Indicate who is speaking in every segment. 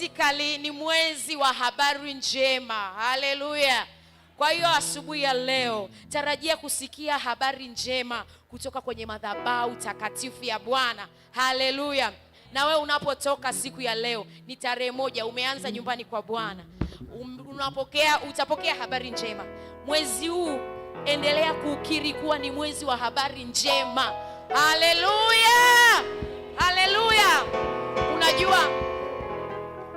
Speaker 1: Basically ni mwezi wa habari njema. Haleluya! Kwa hiyo asubuhi ya leo tarajia kusikia habari njema kutoka kwenye madhabahu takatifu ya Bwana. Haleluya! Na wewe unapotoka siku ya leo, ni tarehe moja, umeanza nyumbani kwa Bwana, um, unapokea utapokea habari njema mwezi huu. Endelea kukiri kuwa ni mwezi wa habari njema. Haleluya, haleluya! Unajua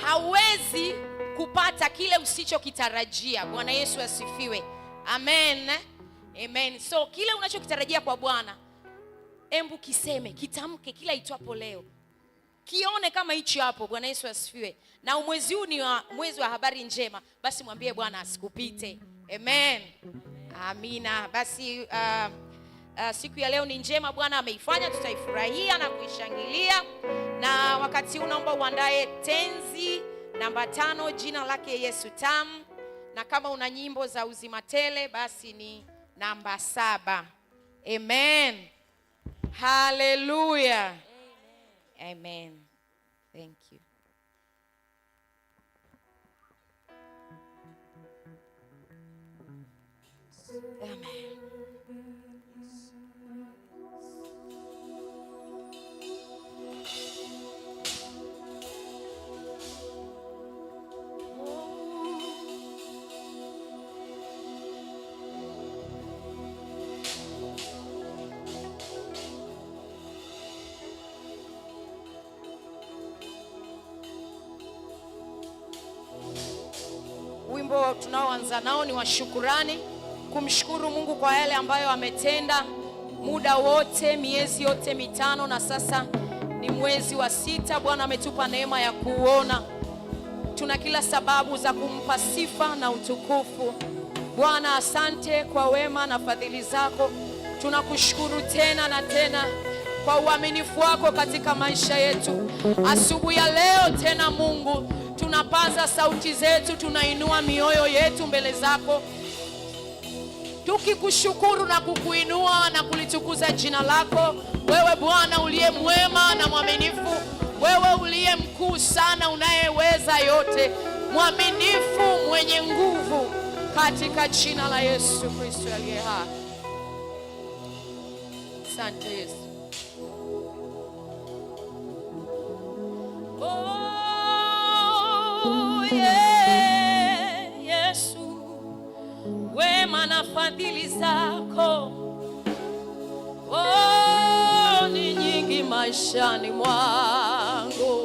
Speaker 1: hauwezi kupata kile usichokitarajia. Bwana Yesu asifiwe, amen, amen. So kile unachokitarajia kwa Bwana, embu kiseme, kitamke kila itwapo leo, kione kama hichi hapo. Bwana Yesu asifiwe. Na mwezi huu ni wa mwezi wa habari njema, basi mwambie Bwana asikupite. Amen, amina. Basi uh, uh, siku ya leo ni njema, Bwana ameifanya, tutaifurahia na kuishangilia na wakati huu naomba uandae tenzi namba tano, jina lake Yesu tam na kama una nyimbo za uzima tele basi ni namba saba. Amen, haleluya, amen. Thank you. Amen. ambao tunaoanza nao ni washukurani kumshukuru Mungu kwa yale ambayo ametenda muda wote, miezi yote mitano, na sasa ni mwezi wa sita. Bwana ametupa neema ya kuuona, tuna kila sababu za kumpa sifa na utukufu. Bwana, asante kwa wema na fadhili zako, tunakushukuru tena na tena kwa uaminifu wako katika maisha yetu asubuhi ya leo tena Mungu tunapaza sauti zetu, tunainua mioyo yetu mbele zako tukikushukuru na kukuinua na kulitukuza jina lako, wewe Bwana uliye mwema na mwaminifu, wewe uliye mkuu sana, unayeweza yote, mwaminifu, mwenye nguvu, katika jina la Yesu Kristo aliye hai. Asante Yesu. na fadhili zako oh, ni nyingi maishani mwangu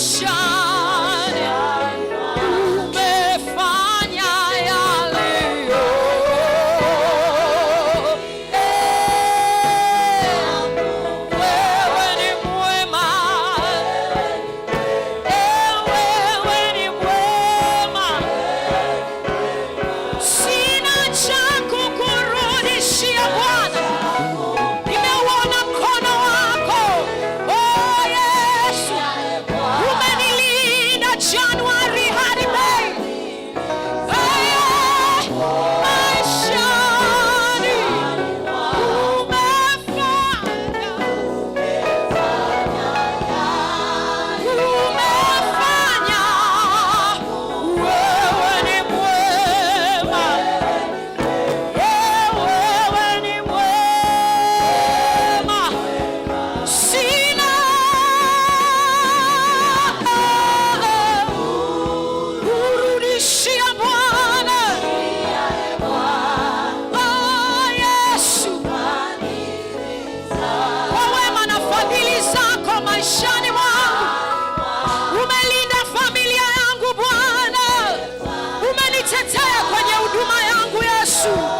Speaker 1: shot. nilikuletea kwenye huduma yangu Yesu.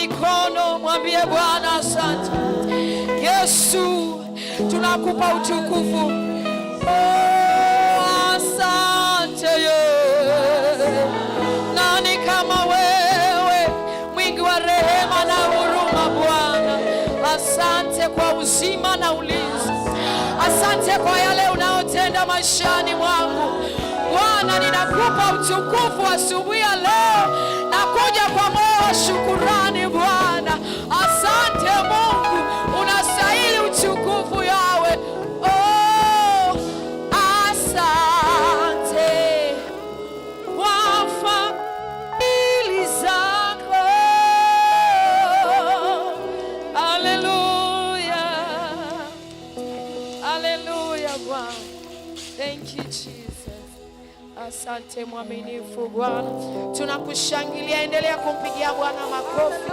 Speaker 1: mikono, mwambie Bwana asante. Yesu, tunakupa utukufu. Oh, asante ye. Nani kama wewe, mwingi wa rehema na huruma Bwana. Asante kwa uzima na ulinzi, asante kwa yale unaotenda maishani mwangu Bwana, ninakupa utukufu asubuhi ya leo. Shukurani wote mwaminifu Bwana, tunakushangilia. Endelea kumpigia Bwana makofi.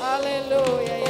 Speaker 1: Haleluya!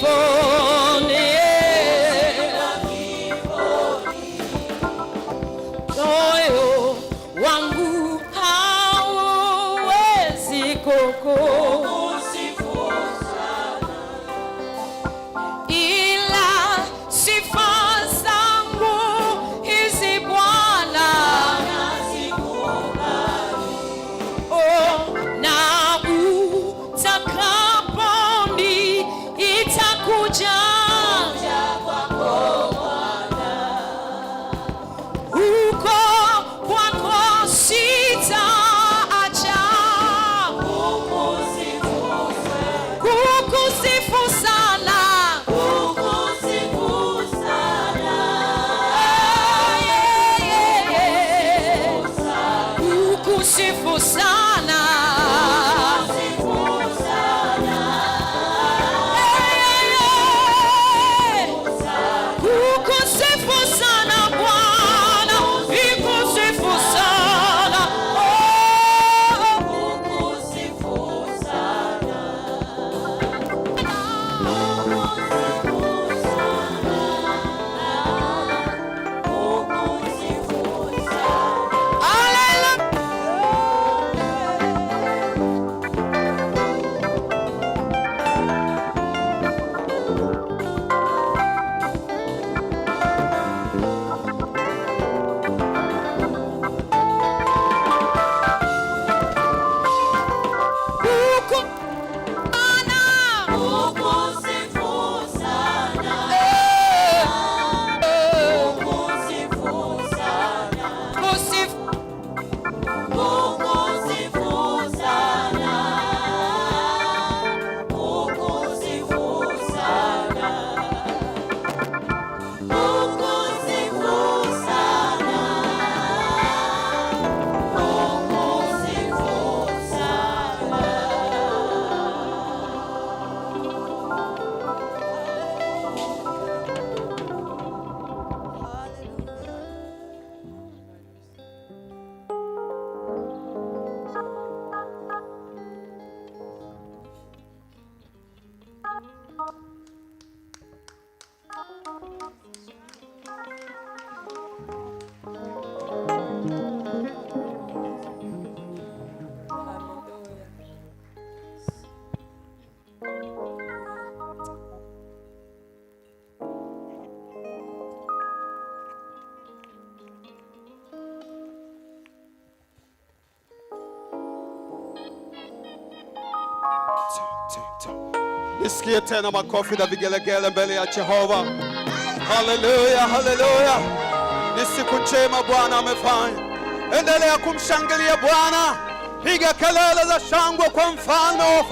Speaker 1: for 不讲。
Speaker 2: Tusikie tena makofi na vigelegele mbele ya Jehova. Haleluya, haleluya! Ni siku njema Bwana amefanya. Endelea kumshangilia Bwana, piga kelele za shangwe kwa mfalme wa